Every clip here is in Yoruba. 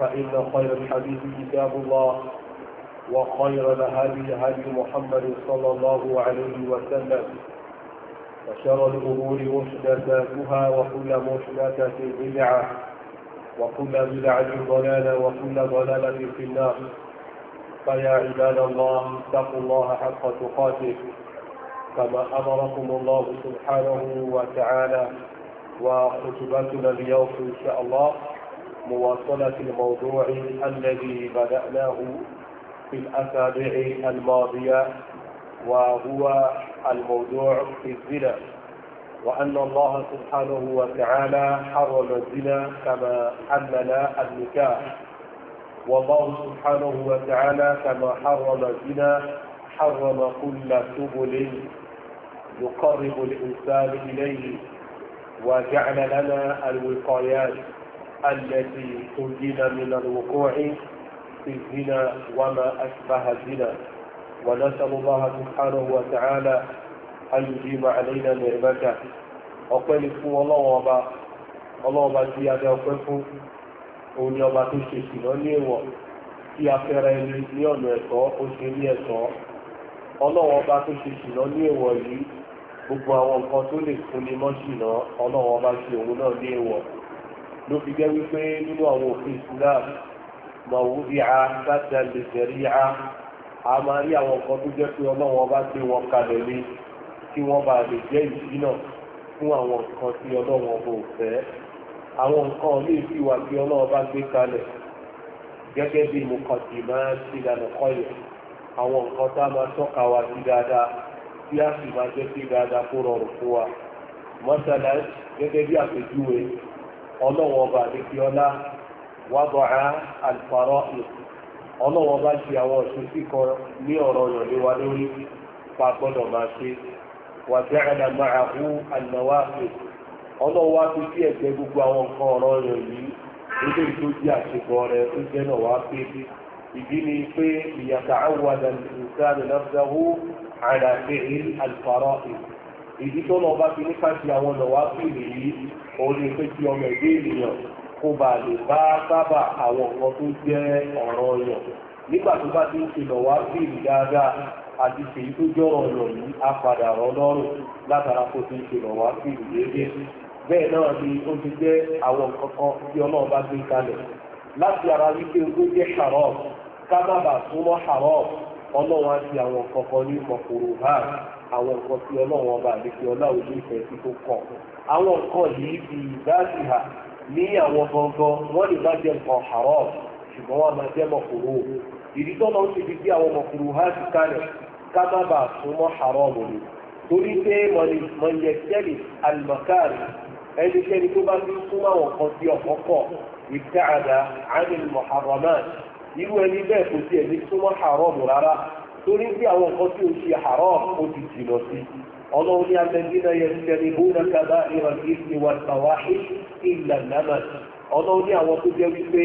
فإن خير الحديث كتاب الله وخير الهدي هدي محمد صلى الله عليه وسلم وشر الأمور محدثاتها وكل محدثة بدعة وكل بدعة ضلالة وكل ضلالة في النار فيا عباد الله اتقوا الله حق تقاته كما أمركم الله سبحانه وتعالى وخطبتنا اليوم إن شاء الله مواصلة الموضوع الذي بدأناه في الأسابيع الماضية وهو الموضوع في الزنا وأن الله سبحانه وتعالى حرم الزنا كما حلل النكاح والله سبحانه وتعالى كما حرم الزنا حرم كل سبل يقرب الإنسان إليه وجعل لنا الوقايات التي تنجينا من الوقوع في الزنا وما أشبه الزنا ونسأل الله سبحانه وتعالى أن يجيب علينا نعمته ọba a dẹ ọpẹ́ ọba tí a fẹ́ra ẹni ní ọ̀nà ẹ̀tọ́ ẹ̀tọ́ ọlọ́wọ́ ọba tó ṣe ní èèwọ̀ yìí gbogbo àwọn nǹkan tó lè ọba ṣe òun náà ní èèwọ̀ ló fi wípé nínú àwọn òfin Islam mọ̀wúdí a lè a a máa rí àwọn nǹkan tó jẹ́ pé ọlọ́wọ́n bá gbé wọn kalẹ̀ ní kí wọ́n bá lè jẹ́ fún àwọn nǹkan tí ọlọ́wọ́n kò fẹ́ àwọn nǹkan ní ọlọ́wọ́n bá gbé kalẹ̀ gẹ́gẹ́ bí mo kàn sí máa àwọn nǹkan tá a máa tọ́ka wa sí dáadáa tí a sì máa jẹ́ sí dáadáa kó rọrùn fún wa ọlọ́wọ́ ọba àdékíọ́lá wàbọ̀ á àlùfàrọ́ ọlọ́wọ́ bá ṣe àwọn ọ̀ṣun síkọ ní ọ̀rọ̀ ọ̀yàn lé wa lórí pa gbọ́dọ̀ máa ṣe wà jẹ́rẹ̀dà máa hu àlùmọ́wá pè ọlọ́wọ́ á fi sí ẹ̀gbẹ́ gbogbo àwọn nǹkan ọ̀rọ̀ ọ̀yàn yìí ilé tó jẹ́ àṣepọ̀ rẹ̀ ó jẹ́ náà wá pé ìdí ni pé ìyàtà àwọn àdàlùfẹ́ àdàlùfẹ́ àdàlùfẹ́ ìdí tó lọ bá fi ní káṣí àwọn ọ̀nà wá sí ìlú yìí òun ni pé kí ọmọ ẹ̀dẹ́ ènìyàn kó ba lè bá sábà àwọn nǹkan tó jẹ́ ọ̀ràn ọ̀yàn nígbà tó bá ti ń ṣe lọ wá sí ìlú dáadáa àti ṣèyí tó jọ̀rọ̀ ọ̀yàn yìí á padà rọ lọ́rùn látara kó ti ń ṣe lọ wá ìlú bẹ́ẹ̀ náà ni ó ti jẹ́ àwọn tí ọlọ́run bá gbé ara wípé àwọn nǹkan tí ọlọ́run ọba àdékè ọlá òjò ìfẹ́ sí tó kọ̀ àwọn nǹkan yìí fi ìdáàbì hà ní àwọn gangan wọ́n lè má jẹ́ nǹkan àárọ̀ ṣùgbọ́n wọ́n máa jẹ́ mọ̀kòrò ìdítọ́ náà ti di bí àwọn mọ̀kòrò há ti kalẹ̀ ká má bàa súnmọ́ àárọ̀ lòlù torí pé mọ̀nyẹ̀kẹ́lì àlùmọ̀kárì ẹnikẹ́ni tó bá ní súnmọ́ àwọn kan sí ọ̀kọ́ torí pé àwọn nǹkan tí o ṣe haram o ti jìnà sí ọlọ́run ní abẹ́bínà yẹn tẹ̀lé bóńdà kaba ìran ìsìn wa tàwáhì ọlọ́run ní àwọn tó jẹ́ wípé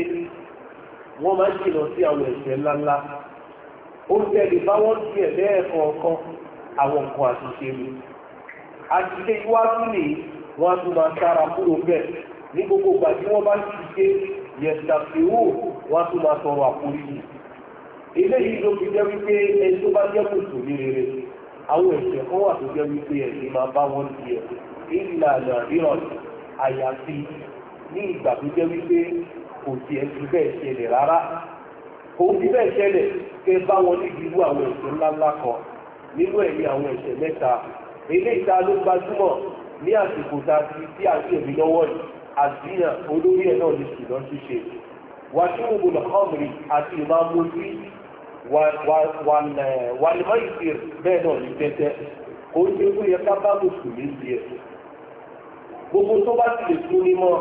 wọ́n máa ń jìnà sí àwọn ẹ̀ṣẹ̀ ńláńlá ó tẹ̀lé báwọn tiẹ̀ lẹ́ẹ̀kọ̀ọ̀kan àwọn nǹkan àṣìṣe mi àṣìṣe iwájú ni wọ́n á tún máa sára kúrò bẹ́ẹ̀ ní eléyìí ló fi jẹ́ wípé ẹni tó bá jẹ́ kùtù ní rere àwọn ẹ̀ṣẹ̀ kan wà tó jẹ́ wípé máa bá wọn di ẹ̀ ìlànà ìrọ̀lì àyàfi ní ìgbà tó jẹ́ wípé kò sí ẹ̀sìn bẹ́ẹ̀ ṣẹlẹ̀ rárá kò sí bẹ́ẹ̀ ṣẹlẹ̀ kẹ bá wọn níbi irú àwọn ẹ̀ṣẹ̀ ńláńlá kan nínú àwọn mẹ́ta eléyìí ta ló a ti ẹ̀mí lọ́wọ́ yìí àdínà olórí ẹ̀ náà ní ṣùgbọ́n ṣíṣe wà lè máa ìsì bẹ́ẹ̀ náà ní tẹ́tẹ́ kò ń ṣe yẹ ká mùsùlùmí sí gbogbo tó bá ti lè tún mọ́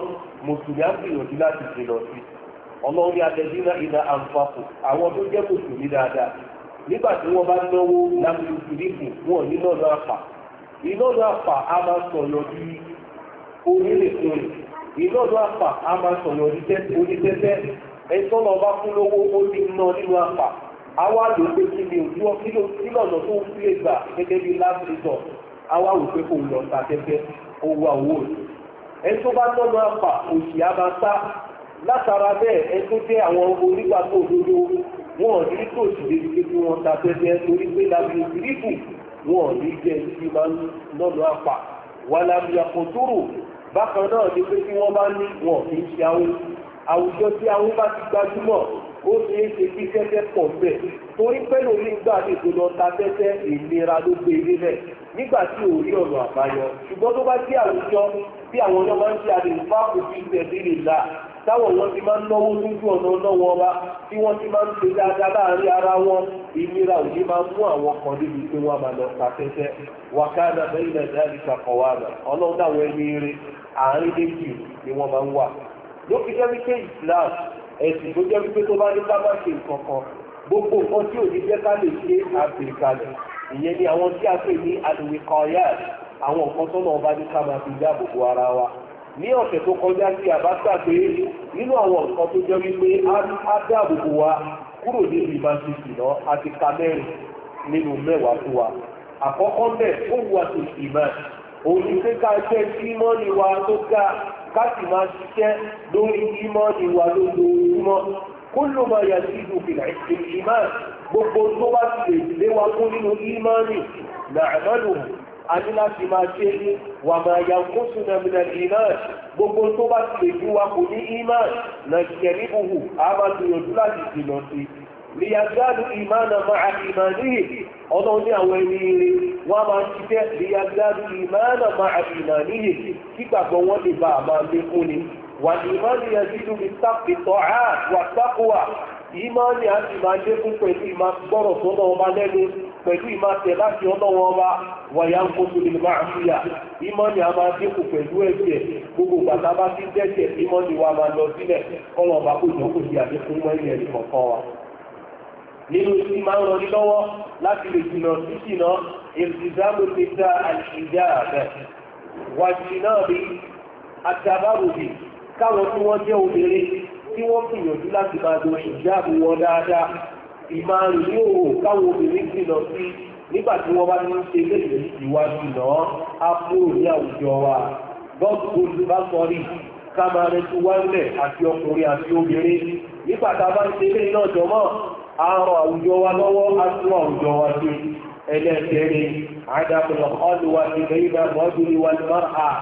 mùsùlùmí á gbìyànjú láti jìnà sí ọlọ́run ní adẹ́dínà ìlà àǹfààfò àwọn tó jẹ́ mùsùlùmí dáadáa nígbà tí wọ́n bá náwó láti ìsìlíkù wọn ní lọ́nà àpà ìlọ́nà àpà á máa sọ̀yọ̀ bí orílẹ̀-èdè ìlọ́dọ̀ àpà a máa sọ̀rọ̀ oníṣẹ́ṣẹ́ ẹ̀tọ́nà ọba fún lówó ó ti ná nínú àpà àwa lò pé kí ni òjú ọ kí lọ́nà tó ń fílẹ̀ gbà gẹ́gẹ́ bí last resort àwa wò pé kò lọ ta tẹ́tẹ́ ó wà owó rẹ̀ ẹ tó bá tọ́ máa fà òṣì á máa sá látara bẹ́ẹ̀ ẹ tó jẹ́ àwọn onígbàgbọ́ òdodo wọn ò ní tó sì débi pé kí wọ́n ta tẹ́tẹ́ torí pé lábẹ́ ìdíríbù wọn ò ní jẹ́ ibi máa ń lọ́nà àpà wà lábẹ́ àkọ́tòrò bákan náà ni pé kí wọ́n bá ní wọn kì í ṣe àwọn àwùjọ tí àwọn bá ti gbajúmọ̀ ó ṣe é ṣe kí tẹ́tẹ́ pọ̀ bẹ̀ torí pẹ́lú onígbà lè tó lọ ta tẹ́tẹ́ ìlera ló gbé ilé e bẹ̀ nígbà tí ò rí ọ̀nà àbáyọ ṣùgbọ́n tó bá sí àwùjọ bí àwọn ọmọ máa ń ṣe àdéhùn fáàkù lè la táwọn wọn ti máa ń náwó lójú ọ̀nà tí wọ́n ti máa ń ṣe dáadáa ara wọn ìlera ò ní máa mú àwọn kan níbi pé wọ́n máa lọ ta tẹ́tẹ́ bẹ́ẹ̀ ti ṣàkọ̀wá ẹ̀sìn tó jẹ́ wípé tó bá ní kábà ṣe nǹkan kan gbogbo nǹkan tí ò ní jẹ́ ká lè ṣe àbèrè ìyẹn ni àwọn tí a pè ní àlùwé kan yá àwọn nǹkan tó náà bá ní ká máa fi dáàbò bo ara wa ní ọ̀sẹ̀ tó kọjá sí àbáṣà pé nínú àwọn nǹkan tó jẹ́ wípé á dáàbò bo wa kúrò ní yunifásitì náà àti ka mẹ́rin nínú mẹ́wàá fún wa àkọ́kọ́ bẹ́ẹ̀ ó wà sí ìmọ̀ òun ni pé ká jẹ́ kí mọ́ni wa tó ga káàkiri máa ṣiṣẹ́ lórí ìmọ̀ ìwà lójoojúmọ́ kúlù máa yà sí ìlú fìlà ìmọ̀ gbogbo tó bá ti lè léwa fún nínú ìmọ̀ni nàìmọ́nù a ní láti máa ṣe wà máa yà kó súnà mìnà ìmọ̀ gbogbo tó bá ti lè fi wa kò ní ìmọ̀ nà ṣẹ̀rí buhù láti jìnà sí liyazadu ìmánà máa ma ọlọ́run ní àwọn ẹni ire wọ́n máa ṣiṣẹ́ liyazadu ma máa ìmánìyè kígbàgbọ́ wọn lè bá a máa lékún ni wà ní ìmánì ní máa lékún pẹ̀lú ìmá gbọ́rọ̀ sọ́nà ọba lẹ́nu pẹ̀lú ìmá tẹ̀ láti ọlọ́run ọba wàyà ń kóso lè máa fìyà ìmánì á máa gbogbo bá ti dẹ́jẹ̀ wa máa lọ sílẹ̀ kọ́lọ̀ ọba kò jọ́ kò nínú tí máa ń rọrí lọ́wọ́ láti lè jìnà títì náà ìrìnàmù ti dá àìsíjà rẹ̀ wàjì náà rí àtàbáròbì káwọn tí wọ́n jẹ́ obìnrin tí wọ́n gbìyànjú láti máa lo ìjáàbù wọn dáadáa ìmáàrún ní òwò káwọn obìnrin jìnà sí nígbà tí wọ́n bá ní ń ṣe léèrè ìwájú náà á kúrò ní àwùjọ wa bọ́ọ̀lù bá sọ rí ká máa rẹ tí wọ́n ń lẹ̀ àti ọkùnrin àti obìnrin nígbà tá a bá ń ṣe léèrè náà jọmọ́ àárọ̀ àwùjọ wa lọ́wọ́ aṣọ àwùjọ wa sí ẹlẹ́ẹ̀kẹ́rin àdàpọ̀lọ̀ ọlùwà ti bẹ́yìnbá mọ́júlì wà ní márùn-ún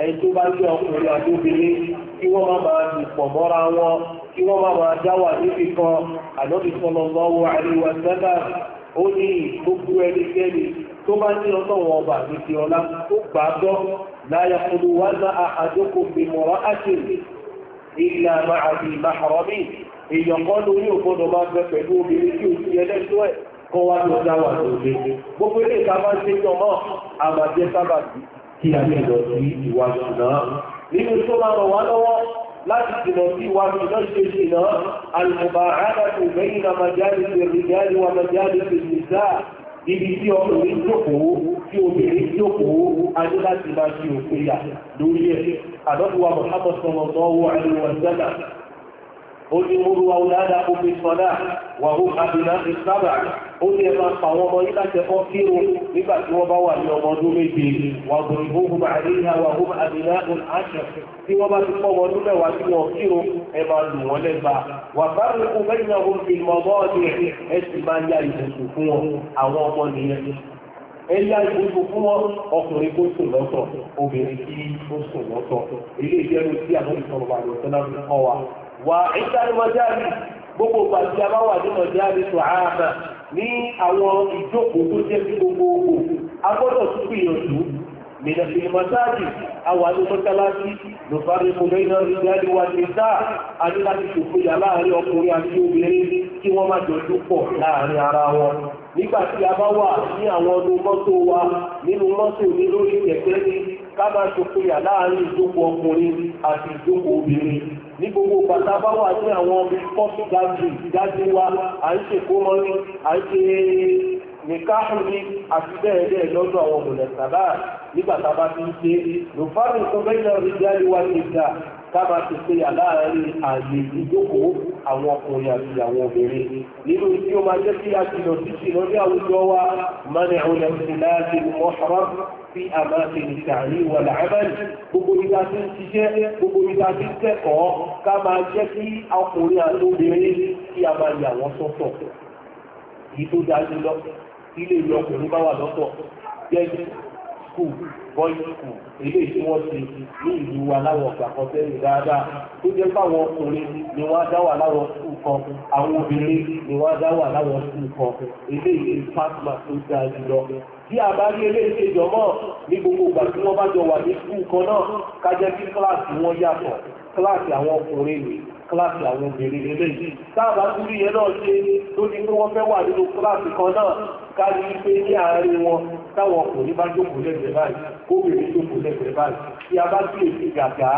ẹni tó bá jẹ́ ọkùnrin àdóbìnrin kí wọ́n má máa dìpọ̀ mọ́ra wọn kí wọ́n má máa dáwà níbi kan ànọ́bì sallallahu alaihi wa sallam ó ní gbogbo ẹnikẹ́ni tó bá ní ọlọ́wọ́ ọba àti ọlá tó gbà gbọ́ láyà wá ná àdókò bìmọ̀rọ̀ àti ìlànà àti ìbáhọ̀rọ̀ míì èèyàn kan lórí ògbọ́dọ̀ máa bẹ pẹ̀lú obìnrin tí ó ti ẹlẹ́tọ́ ẹ̀ kan wá ló dáwà tó lé gbogbo ilé ìta máa ṣe yàn mọ́ àmàjẹ́ sábàbí kí a lè lọ sí ìwà ṣùnà nínú tó máa rọ̀ wá lọ́wọ́ láti jìnà sí ìwà ṣùnà ṣe ṣìnà alùpùpà àádọ́tò lẹ́yìn àmàjáde ṣe rìjáde wà màjáde ṣe ṣìṣà ibi tí ọkùnrin jókòó tí obìnrin jókòó adé láti máa ṣe òpin lórí ẹ̀ ó ní múrú wa wùládà omi sọ́dá wà ó àbìnà ìsábà ó ní ẹ̀fà pàwọn ọmọ yìí láti ẹ̀kọ́ kí o nígbà tí wọ́n bá wà ní ọmọ ọdún méje wà bòrì ohun àríyá wà ó àbìnà ìsábà tí wọ́n bá ti pọ̀ wọn lúmẹ̀ wá sí wọn kí o ẹ máa fún wọn ọkùnrin kó sùn lọ́tọ̀ obìnrin kí ó sùn lọ́tọ̀ ilé ìjẹ́rú sí àwọn ìsọ̀rọ̀ àlùfẹ́ náà kọ́ wa wà ìtàní mọ̀jáde gbogbo ìgbà tí a bá wà ní mọ̀jáde tó àmà ní àwọn ìjókòó tó jẹ́ sí gbogbogbò a gbọ́dọ̀ tún gbìyànjú mìíràn fi mọ̀jáde àwọn alẹ́mọ́tálásí ló bá rí mo lẹ́yìn náà ìjáde wa ní dá a ní láti ṣòfò yà láàrin ọkùnrin àti obìnrin kí wọ́n má jọjú pọ̀ láàrin ara wọn nígbà tí a bá wà ní àwọn ọdún mọ́tò wa nínú mọ́tò ní lórí kẹ̀kẹ́ ní ká máa ṣòfò yà láàrin ìjókòó ọkùnrin àti ìjókòó obìnrin ní gbogbo bàtà bá wà ní àwọn pọ́sù gáàsì ìdájí wa à ń ṣe kó mọ́ ní à ń ṣe nìkáhùn ní àti bẹ́ẹ̀ bẹ́ẹ̀ lọ́dọ̀ àwọn mọ̀lẹ́sàbá nígbà tá a bá ti ń ṣe lòfáàrùn tó bẹ́ẹ̀ náà rí jáde wá ti dà kábà ti pé àláàárín ààyè ìdókòó àwọn ọkùnrin àti àwọn obìnrin nínú tí ó máa jẹ́ kí a ti lọ sí ìṣìnà ní àwùjọ wa mọ́nà àwọn ẹ̀sìn láti mọ́ haram fi àmáṣe ìtàrí wà láàbẹ̀lì gbogbo ìgbà tí ń ṣiṣẹ́ gbogbo ìgbà tí ń kẹ́kọ̀ọ́ ká máa jẹ́ kí ọkùnrin àti obìnrin kí a máa yà wọ́n sọ́tọ̀ yìí tó dájú lọ ilé ìlú ọkùnrin bá wà lọ́tọ̀ skul bọ́yì skul eléyìí tí wọ́n ti ní ìlú wa láwọn ọ̀gbà kan sẹ́yìn dáadáa tó jẹ́ fáwọn ọkùnrin ni wọ́n á dá wà láwọn skul kan àwọn obìnrin ni wọ́n á dá wà láwọn skul kan eléyìí ni pásítọ̀ tó dáa jùlọ bí a bá rí eléyìí ṣèjọ mọ́ ní gbogbo ìgbà tí wọ́n bá jọ wà ní skul kan náà ká jẹ́ kí kíláàsì wọn yàtọ̀ kíláàsì àwọn ọkùnrin nìyí kíláàsì àwọn obìnrin eléyìí sáàbà kúrú yẹn náà ṣe lórí pé wọ́n fẹ́ wà kárí pé ní àárín wọn táwọn ọkùnrin bá jókòó lẹ́gbẹ̀ẹ́ báyìí kóbìnrin jókòó lẹ́gbẹ̀ẹ́ báyìí tí a bá sí èsì gàgà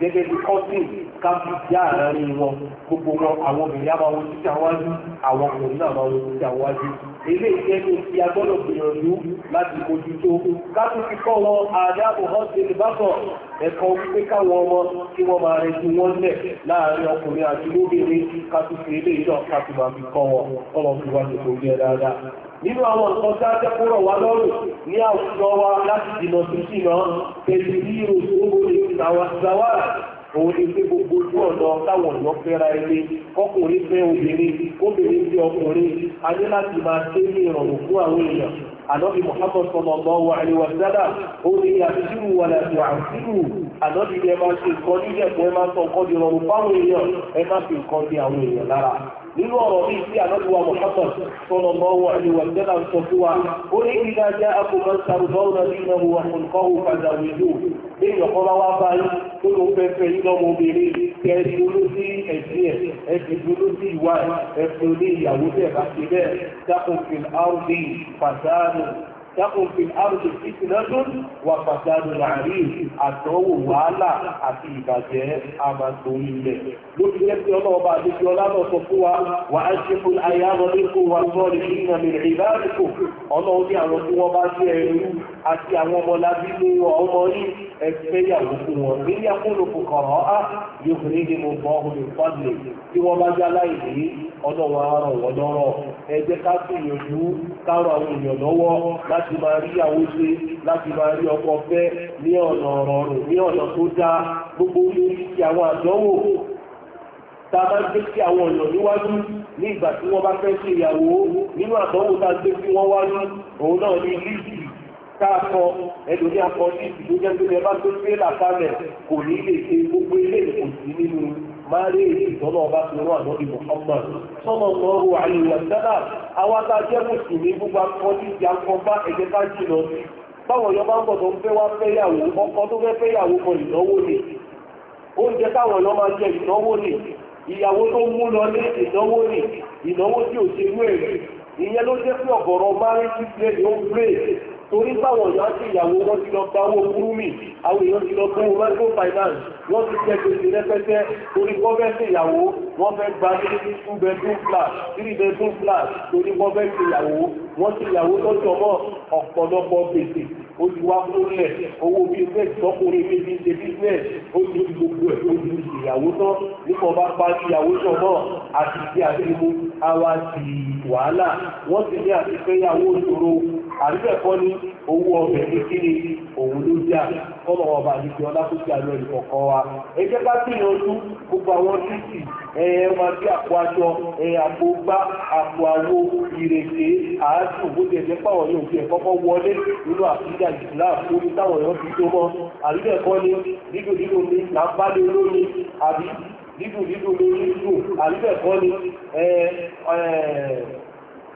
gẹ́gẹ́ bí kọ́sìn káfí sí àárín wọn gbogbo wọn àwọn obìnrin àbá wọn títí àwájú àwọn ọkùnrin náà máa wọn títí àwájú ilé iṣẹ́ tó ti agbọ́dọ̀ gbìyànjú láti kojú tó káfí fi kọ́ wọn àdáàbò hostel bákọ̀ ẹ̀kọ́ wípé káwọn ọmọ tí wọ́n máa rẹ̀ ju wọ́n lẹ̀ láàárín ọkùnrin àti lóbìnrin káfí fi ilé ìdọ̀ káfí máa fi kọ́ wọn ọlọ́run ti wá ṣe kò yẹ dáadáa nínú àwọn nǹkan tí a jẹ́ kó rọ̀ wá lọ́rùn ní àwùjọ wa láti dìnà sí sínà pẹ̀lú bí ìròyìn owó ìsìnàwà ìsìnàwà òun ni pé gbogbo ojú ọ̀nà táwọn ọ̀nà fẹ́ra ilé ọkùnrin fẹ́ obìnrin obìnrin fẹ́ ọkùnrin a láti máa ṣe ní ìrọ̀rùn fún àwọn èèyàn ànábì Muhammad sallallahu alaihi wa sallam ó ní àṣírù wà láti àṣírù ànọ́bí ni ẹ máa ṣe nǹkan nílẹ̀ fún ẹ máa sọ nǹkan di rọrùn fáwọn èèyàn ẹ máa fi nǹkan di àwọn èèyàn lára nínú ọ̀rọ̀ mi sí ànọ́bí wa Muhammad sọ̀rọ̀ lọ́wọ́ àríwá ìjọba ń sọ fún wa ó ní kí dájẹ́ akọ̀mọ̀ sàrùbọ́ọ̀ náà nínú wa nǹkan ò padà wí lò lẹ́yìn ọ̀kan bá wá bá ṣe bẹ́ẹ̀ dákùnfin áùdì tẹ́kùn fi àrùsù ìtìlẹ́dún wà pàtàkì láàrin àtọ́wò wàhálà àti ìbàjẹ́ àmàtòun ilẹ̀. lórí lẹ́sẹ̀ ọlọ́ọ̀bá àdéjì ọlọ́rọ̀ sọ fún wa wà á ṣe fún ayé àmọ́lẹ́kùn wà sọ́ọ̀lì nínú mi ìbáàdìkò ọlọ́run ní àwọn tí wọ́n bá ṣe ẹrú àti àwọn ọmọlábí ní ọmọ ní ẹgbẹ́yàwó fún tí wọ́n bá já láì ní ọlọ́run àárọ̀ lọ́rọ̀ ẹ jẹ́ ká sì àwọn èèyàn lọ́wọ́ láti láti máa rí àwọn ṣe láti máa rí ọkọ fẹ́ ní ọ̀nà ọ̀rọ̀rùn ní ọ̀nà tó dáa gbogbo oríṣiríṣi àwọn àdánwò tá a bá gbé sí àwọn ọ̀nà níwájú ní ìgbà tí wọ́n bá fẹ́ ṣe ìyàwó nínú àdánwò tá gbé sí wọ́n wájú òun náà ní líìsì káàkọ́ ẹlòmí akọ líìsì tó jẹ́ pé ẹ tó gbé làkálẹ̀ kò ní lè ṣe gbogbo ilé ìkòsí nínú máa rí èyí ìtọ́nà ọba fi rán ànábì Muhammad sọ́nà lọ́rù àyèwà sẹ́lá àwọn adájẹ́ mùsùlùmí gbogbo akọ́jú ti akọ́gbá ẹ̀jẹ̀ ká jìnà sí báwọn yọ bá ń bọ̀dọ̀ ń fẹ́ wá fẹ́yàwó ọkọ tó fẹ́ fẹ́yàwó kan ìnáwó ni oúnjẹ táwọn ọ̀nà máa jẹ ìnáwó ni ìyàwó tó mú lọ ní ìnáwó ni ìnáwó tí ò ṣe inú ẹ̀rí ìyẹn ló jẹ́ pé ọ̀gọ̀rọ̀ máa ń ṣiṣẹ́ ìó torí báwọn ìyá sí ìyàwó wọn ti lọ bá owó gúrúmì àwọn èèyàn ti lọ bá owó microfinance wọ́n ti jẹ́ gbèsè rẹpẹtẹ torí wọ́n fẹ́ sí ìyàwó wọ́n fẹ́ gba ní two bedroom flat three bedroom flat torí wọ́n fẹ́ sí ìyàwó wọ́n ti ìyàwó lọ́jọ́ mọ́ ọ̀pọ̀lọpọ̀ gbèsè ó ti wá kúrúlẹ̀ owó business tọkùnrin mi ti ṣe business ó ti ní gbogbo ẹ̀ ó ti ṣe ìyàwó tán nípa ọba pa ìyàwó jọ náà àti ìdí àti ìmú àwa ti wàhálà wọ́n ti ní àti fẹ́yàwó ìṣòro àríbẹ̀kọ́ ní owó ọbẹ̀ kékeré òun ló jà kọ́mọ ọba àdìsí àlọ́ ìkọ̀kọ́ wa ẹ jẹ́ ká sí ìyanjú gbogbo àwọn títì ẹ máa bí àpò aṣọ ẹ àpò gbá àpò àwo ìrèké àádùn bó ti ẹ̀jẹ̀ pàwọ̀ ní òfin ẹ̀kọ́kọ́ wọlé nínú àfíjà Islam lórí táwọn èèyàn fi tó mọ́ àríbẹ̀kọ́ ní dídùn dídùn ní là lé olómi àbí dídùn dídùn ní dídùn àríbẹ̀kọ́ ní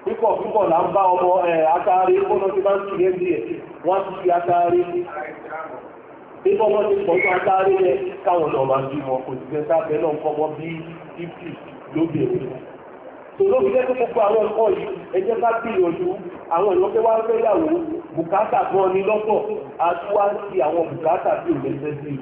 pípọ̀ pípọ̀ là ń bá ọmọ àtàrí kóná tí bá ń kìí ẹ̀dì ẹ̀ wọ́n ti fi àtàrí pípọ̀ ti àtàrí ẹ káwọn náà máa bí wọn kò sábẹ́ náà kọ́ bí fífì lóbi tó jẹ́ pé gbogbo àwọn yìí gbìyànjú àwọn bùkátà gan ni lọ́pọ̀ àti wá sí àwọn bùkátà tí ò lẹ́sẹ̀ sí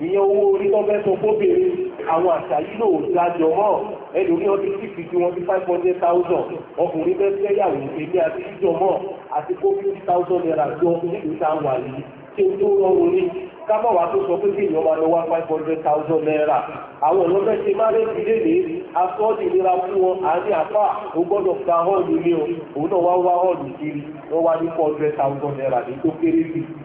ìyẹn owó orí tó fẹ́ sọ fóbìnrin àwọn àṣà yìí lò dájọ mọ́ ẹlòmíì ọdún sixty tí wọ́n ti five hundred thousand ọkùnrin bẹ́ẹ̀ fẹ́yàwó èmi àti ìjọ mọ́ àti kó fifty thousand naira jọ nílùú tá a wà yìí tí o tó rọrùn ní kábọ̀ wá tó sọ pé kí èèyàn máa lọ wá five hundred thousand naira àwọn ọ̀nà bẹ́ẹ̀ ṣe máa lẹ́sìn léde asọ́ọ̀dì nira fún wọn àní àpá o gbọ́dọ̀ gba hall nílé o òun náà wá wá hall kiri wọ́n wá ní four hundred thousand naira ní tó kéré sí i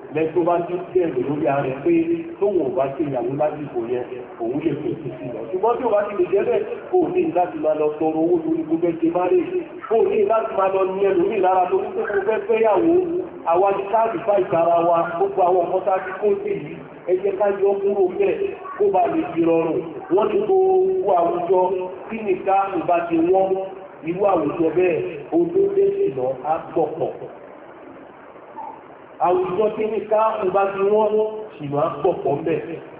lẹ́yìn tó bá ti bẹ̀rù lórí ààrẹ pé tóun ò bá ti ìyàwó lásìkò yẹn òun lè fẹ́ sí sí lọ ṣùgbọ́n tí ò bá ti lè jẹ́ bẹ́ẹ̀ kò ní láti máa lọ tọrọ owó lórí gbogbo ẹgbẹ́ bá rè kò ní láti máa lọ ní ẹlòmíì lára lórí pé kò fẹ́ fẹ́yàwó àwa ní káàdì fáì tara wa gbogbo àwọn ọmọ tá a ti kó sí yìí ẹ ká yọ kúrò bẹ́ẹ̀ kó bá lè fi rọrùn wọ́n ti gbogbo àwùjọ tí nìka ìbá wọ́n irú àwùjọ bẹ́ẹ̀ odó dé sí lọ á gbọ̀pọ̀ àwùjọ tí ní ká ìbá ti wọ́n sì máa ń pọ̀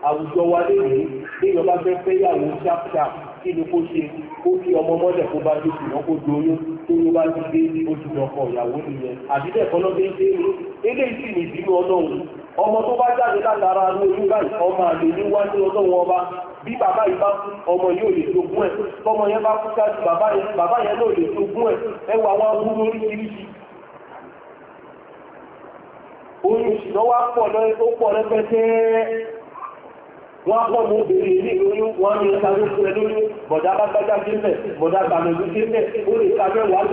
àwùjọ wa lè rí léèyàn bá fẹ́ fẹ́ yàwó ṣáfṣá kí ni kó ṣe kó fi ọmọ mọ́lẹ̀ kó bá dé ṣùgbọ́n kó doyún tó yóò bá ti dé oṣù lọ́kọ̀ ìyàwó nìyẹn àbílẹ̀ kan lọ́dẹ ń dé ní eléyìí sì ní ìbínú ọlọ́run ọmọ tó bá jáde látara ní oyún báyìí ọmọ àlè ní wájú ọlọ́run ọba bí bàbá yìí bá kú ọmọ yóò lè jogún ẹ̀ tọmọ yẹn bá kú ṣáájú bàbá yẹn náà lè jogún ẹ̀ ẹwà wọn wú lóríṣiríṣi orí òṣìṣẹ́ na wa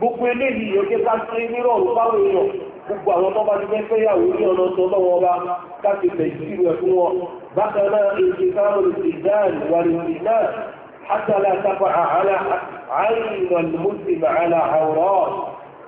gbogbo eléyìí yọjẹ́ ká sí nírọ̀rùn báwọn èèyàn gbogbo àwọn tó bá ti ní ọ̀nà tó lọ́wọ́ bá fún wọn èdè wà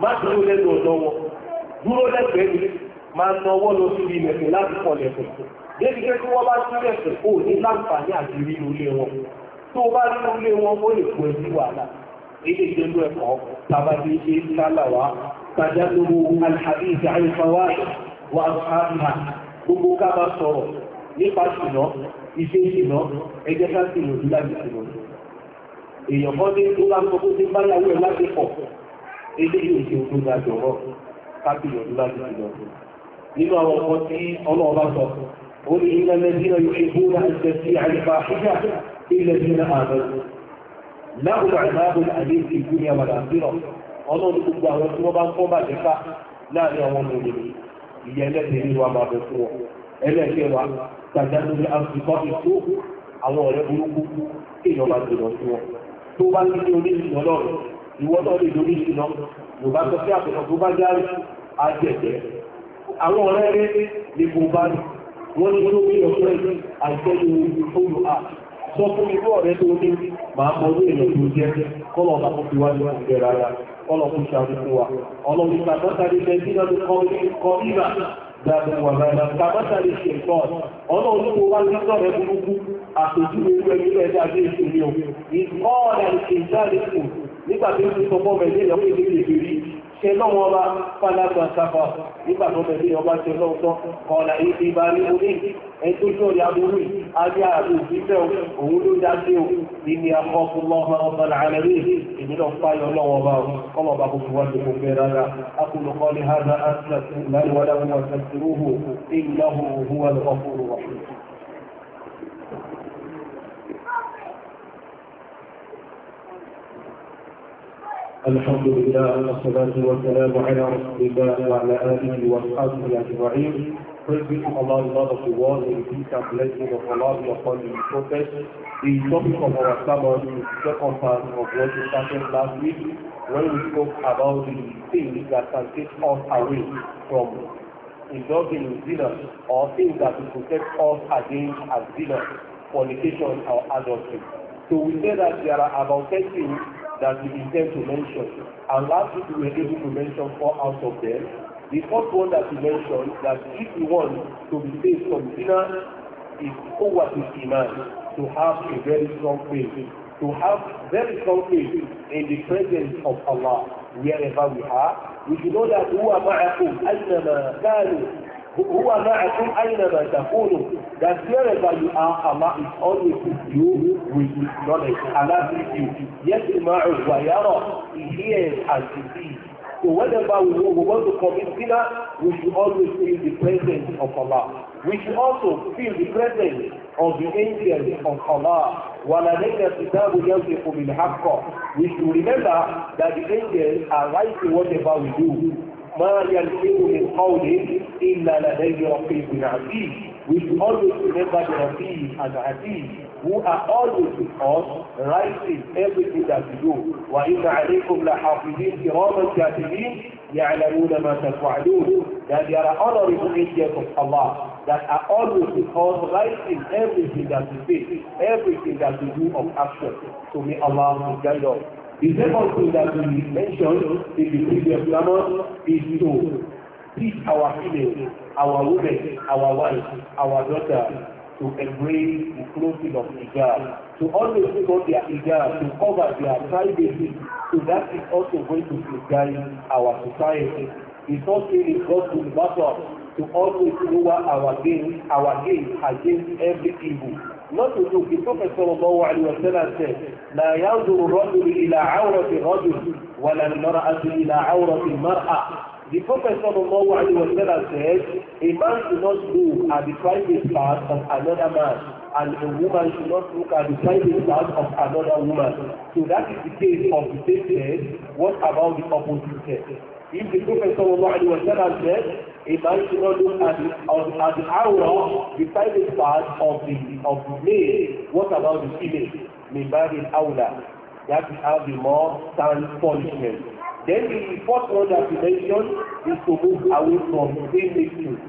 má dúró lẹ́nu ọ̀dọ́ wọn dúró lẹ́gbẹ̀ẹ́ mi máa na ọwọ́ lọ sí ibi ìmẹ̀sẹ̀ láti kọ̀ lẹ́kọ̀ọ́ débi pé tí wọ́n bá sí lẹ́sẹ̀ kó o ní láǹfààní àti rí ilé wọn tó o bá rí ilé wọn ó lè kó ẹbí wàhálà ilé ìjẹun ẹ̀kọ́ tàbátí ṣe ń sálàwá tàjálòwò alhàbí ìdáyẹ̀fáwá wà áhà gbogbo ká bá sọ̀rọ̀ nípa ṣùnà iṣẹ́ ìṣìnà ẹjẹ́ ká sì lòdì láti ṣùnà èèyàn kan ní tó bá ń sọ pé eléyìí ihe tó ga jọ̀rọ̀ kábíyọ̀ tó bá ti ti nínú àwọn ọkọ tí ọlọ́ọ̀bá sọ ó ní iná lẹ́bí yóò ṣubú náà ṣe sí àyíká ṣíṣà ilẹ̀ bí àwọn ọ̀rẹ́ burúkú sí ìwọ́tọ́ lè dorí ìṣúná ló bá sọ sí àpẹẹrẹ tó bá járe àjẹ̀jẹ̀ àwọn ọ̀rẹ́ rẹ̀ lè kó bá ní wọ́n ní tó bí ọ̀pọ̀ ẹ̀sìn àìsẹ́yìn orí fóònù à sọ fún irú ọ̀rẹ́ tó ní máa mọ orí èèyàn tó jẹ́ kọ́lọ̀ bá fún tiwájú ìgbẹ́ rárá kọ́lọ̀ fún ṣàfikún wa ọlọ́run ìgbàgbọ́sáré lẹ́sí náà ló kọ́ nígbà dáadáa wàhálà kàbátà lè ṣe ìtọ́ ọ̀nà olúwo wá ní sọ̀rọ̀ burúkú àtòjú ewu ẹgbẹ́ ẹgbẹ́ àti ìṣòro ìkọ́ ọ̀rẹ́ ìṣèjáde kù nígbà tó ti sọ fọ́ọ̀mù ẹ̀dẹ́ ìyàwó ìdí ìdí rí ṣe lọ́wọ́ ọba fàlàgbà sáfà nígbà tó bẹ̀rẹ̀ ọba ṣe lọ́wọ́ tán kọ̀ọ̀là ìdí ìbá ní orí ẹjọ́ tó rí aburú ayé àrùn ìfẹ́ òun ló dá sí o ìní akọ́kùnlọ́wọ́ ọba làálẹ́rí ìdí náà fáyọ lọ́wọ́ ọba kọ́mọ ọba kò fún kọ́ ní hàzà àti láti wàdà wọn ṣàtìrúhù ìlàhùn òhun الحمد لله والصلاة والسلام على رسول الله وعلى آله وأصحابه أجمعين Praise be to Allah, Lord of the world, and peace and blessing of Allah be upon the Prophet. The topic of our sermon is second part of what we started last week when we spoke about the things that can take us away from indulging in zina or things that will protect us against as zina, fornication or adultery. So we said that there are about 10 things that we intend to mention. And last week we were able to mention four out of them. The first one that we mentioned that if we want to be saved from sinners is over to iman, to have a very strong faith, to have very strong faith in the presence of Allah wherever we are. We should know that who are ma'akum, Who are not Huwa ma'akum I takunu. That wherever you are, Allah is always with you with his knowledge. Allah with you. Yasma'u wa yara. He hears and he sees. So whenever we, we want to commit sinner, we should always feel the presence of Allah. We should also feel the presence of the angels of Allah. وَلَدَيْنَا كِتَابٌ يَنْطِقُ بِالْحَقِّ We should remember that the angels are writing whatever we do. ما يلفظ من قول إلا لديه رقيب عتيد We always remember the Rafi and Hafiz who are always with us, writing everything that we do. وَإِنَّ عَلَيْكُمْ لَحَافِظِينَ كِرَامًا كَاتِبِينَ يَعْلَمُونَ مَا تَفْعَلُونَ That there are honorable angels of Allah that are always with us, writing everything that we say, everything that we do of action. So may Allah guide us. The second thing that we mentioned in the previous sermon is to teach our females, our women, our wives, our daughters to embrace the clothing of hijab, to always take on their hijab, to cover their privacy. So that is also going to guide our society. It's not really God to battle to always lower our gain, our gain against every evil. Not to do, the Prophet sallallahu alayhi لا ينظر الرجل إلى عورة الرجل ولا المرأة إلى عورة المرأة. The Prophet صلى الله عليه وسلم said, a man should not look at the private part of another man, and a woman should not look at the private part of another woman. So that is the case of the same sex. What about the opposite sex? If the Prophet sallallahu alaihi wasallam said, a man should not look at the, at the awra, private part of the of the male. What about the female? Mimbari awla. That is how the more stand punishment. Then the fourth one that we mentioned is to move away from primitive,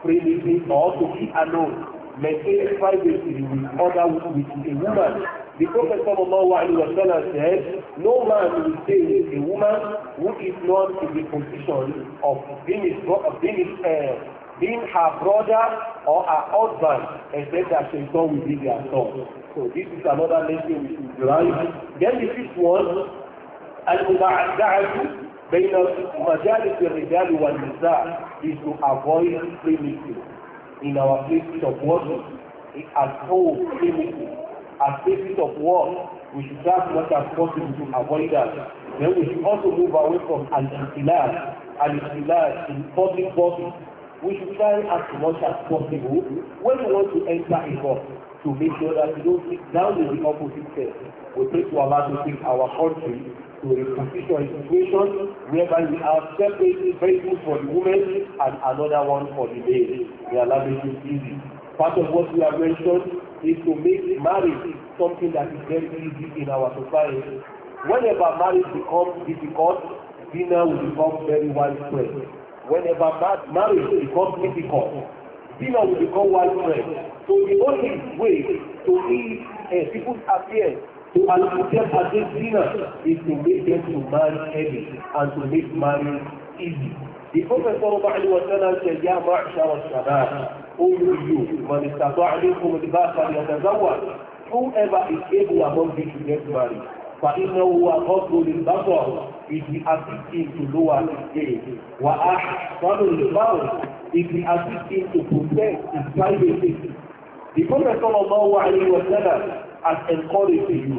primitive or to be alone, maintain privacy with other with a woman The Prophet ﷺ said, No man will stay with a woman who is not in the position of being his, of being his, uh, being her brother or her husband, except that she will be their son. So this is another lesson we should derive. Then the fifth one, Al-Muba'ad'atu بين مجالس الرجال والنساء is to avoid primitive in our place of worship at home primitive as basis of war, we should try as much as possible to avoid that. Then we should also move away from al-istilal, al-istilal in public bodies. We should try as much as possible when we want to enter a bus to make sure that we don't sit down in the opposite sex. We pray to Allah to take our country to a position, a situation whereby we have separate vehicles for the women and another one for the men. May Allah make it easy. Part of what we have mentioned is to make marriage something that is very easy in our society. Whenever marriage becomes difficult, dinner will become very widespread. Whenever marriage becomes difficult, dinner will become widespread. So the only way to ease uh, people's affairs to allow them against dinner is to make them to marry early and to make marriage easy. The Prophet said, "Ya ma'shar al man istata'a minkum al-ba'ata falyatazawwaj. Whoever is able among you to get married, فإنه أغض للبصر It will assist him to lower his gaze. وأحسن للبصر It will assist him to protect his privacy. The Prophet sallallahu alayhi wa sallam has encouraged you.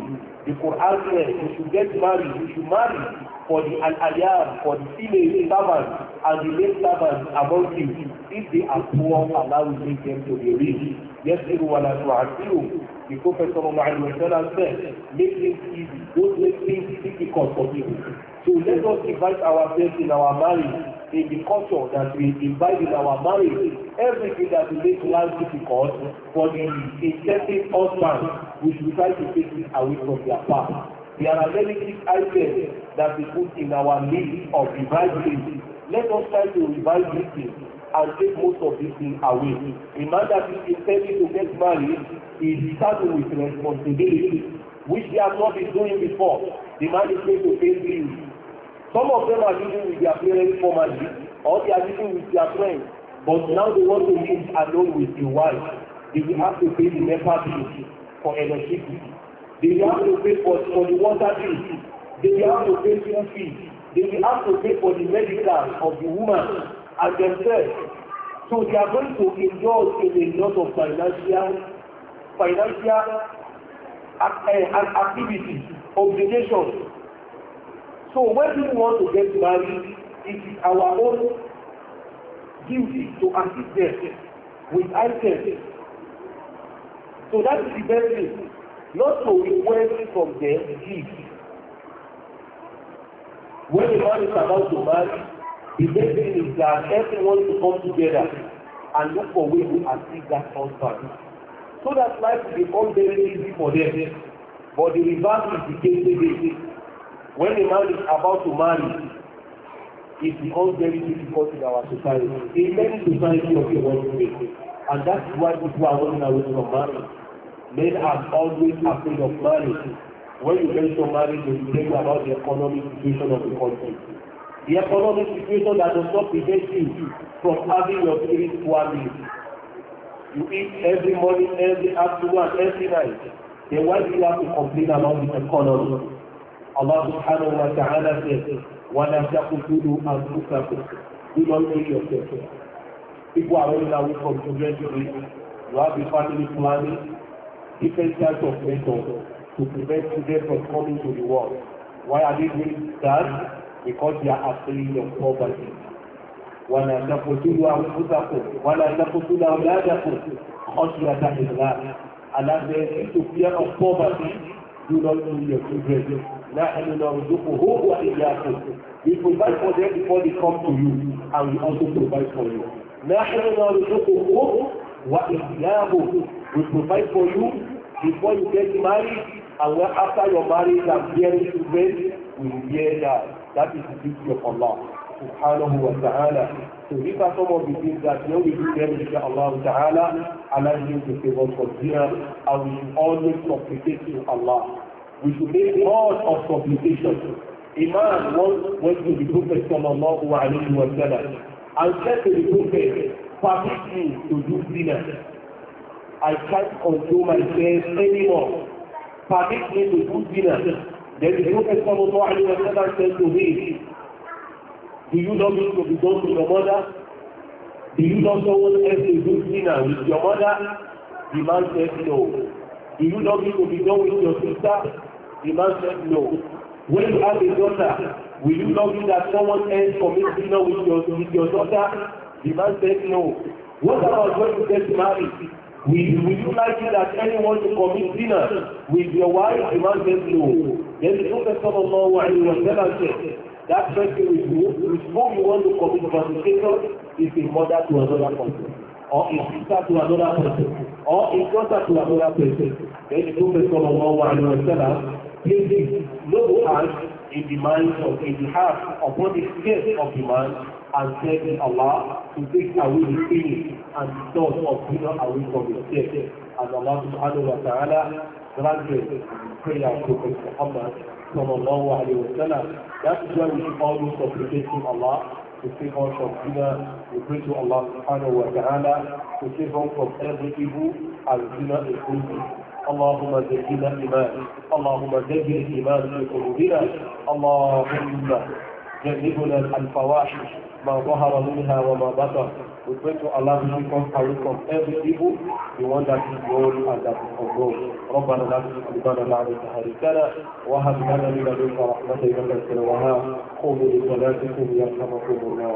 The Quran says you should get married, you should marry for the al aliyah for the female servants and the male servants among you. If they are poor, Allah will make them to be rich. Yes, everyone has to assume. The Prophet sallallahu alayhi wa said, make things easy, don't make things difficult for people. So let us invite ourselves in our marriage in the culture that we invite in our marriage everything that we make life difficult for the intended husband we should try to take it away from their path there are many big items that we put in our list of revised things let us try to revise these things and take most of these things away. The man that is intending to get married is starting with responsibility, which they have not been doing before. The man is going to pay bills, Some of them are living with their parents formally, or they are living with their friends, but now they want to live alone with the wife. They will have to pay the NEPA bill for electricity. They will have to pay for, for the water bill. They will have to pay school fees. They will have to pay for the medical of the woman and themselves. So they are going to indulge in a lot of financial financial uh, uh, activities, obligations So when we want to get married, it is our own duty to assist them with items. So that is the best thing. Not to request from them gifts. When the man is about to marry, the best thing is that everyone to come together and look for ways to assist that husband. So that life will become very easy for them. But the reverse is the case When a man is about to marry, it becomes very difficult in our society. In many society of the world today, and that's why people are running away from marriage. Men are always afraid of marriage. When you mention marriage, they will tell you about the economic situation of the country. The economic situation that does not prevent you from having your three families. You eat every morning, every afternoon, every night. Then why do you have to complain about the economy? Allah subhanahu wa ta'ala says, وَلَا تَقْتُلُوا أَنفُسَكُمْ Do not kill yourself. People are running away from children today. You have the family planning, different types of methods to prevent children from coming to the world. Why are they doing that? Because they are afraid of poverty. ولا تقتلوا أنفسكم ولا تقتلوا أولادكم خشية إملاق. Allah says, if you fear of poverty, do not kill your children. نحن نرزقه وإياكم We provide for them before they come to you and we also provide for you. نحن نرزقه وإياهم We provide for you before you get married and when after your marriage and bearing children, we will that. That is the duty of Allah. Subhanahu wa ta'ala. So these are some of the things that when we do them, inshaAllah ta'ala, Allah is going to save us from here, and we always supplicate to Allah. We should make all of A man once went to the Prophet who alayhi wa sallam and said to the Prophet, permit me to do dinner. I can't control myself anymore. Permit me to do dinner." Then the Prophet sallallahu alayhi wa sallam said to me, do you not need to be done to your mother? Do you not know else to do dinner with your mother? The man said no. Do you not need to be done with your sister? The man said, no. When you have a daughter, will you not do that someone else commits dinner with your, with your daughter? The man said, no. What about when you get married? Will, will you like it that anyone to commit dinner with your wife? The man said, no. Then the Prophet sallallahu alayhi wa never said, that person with whom, with whom you want to commit fornication is a mother to another person, or a sister to another person, or a daughter to another person. Then the Prophet sallallahu alayhi wa never placing no hand in the minds of in the heart upon the scale of the man and telling Allah to take away the pain and the thought of winner away from his death. And Allah subhanahu wa ta'ala granted prayer to Prophet Muhammad sallallahu alayhi wa sallam. That is why we should always supplicate to Allah to save us from dinner. We pray to Allah subhanahu wa ta'ala to save us from every evil and dinner inclusive. اللهم زينا إيمان اللهم زين إيمان في قلوبنا اللهم جنبنا الفواحش ما ظهر منها وما بطن We pray to Allah to come away from every evil, the one that is known and that is unknown. ربنا لا تزغ قلوبنا بعد إذ وهب لنا من لدنك رحمة إنك أنت الوهاب قوموا بصلاتكم يرحمكم الله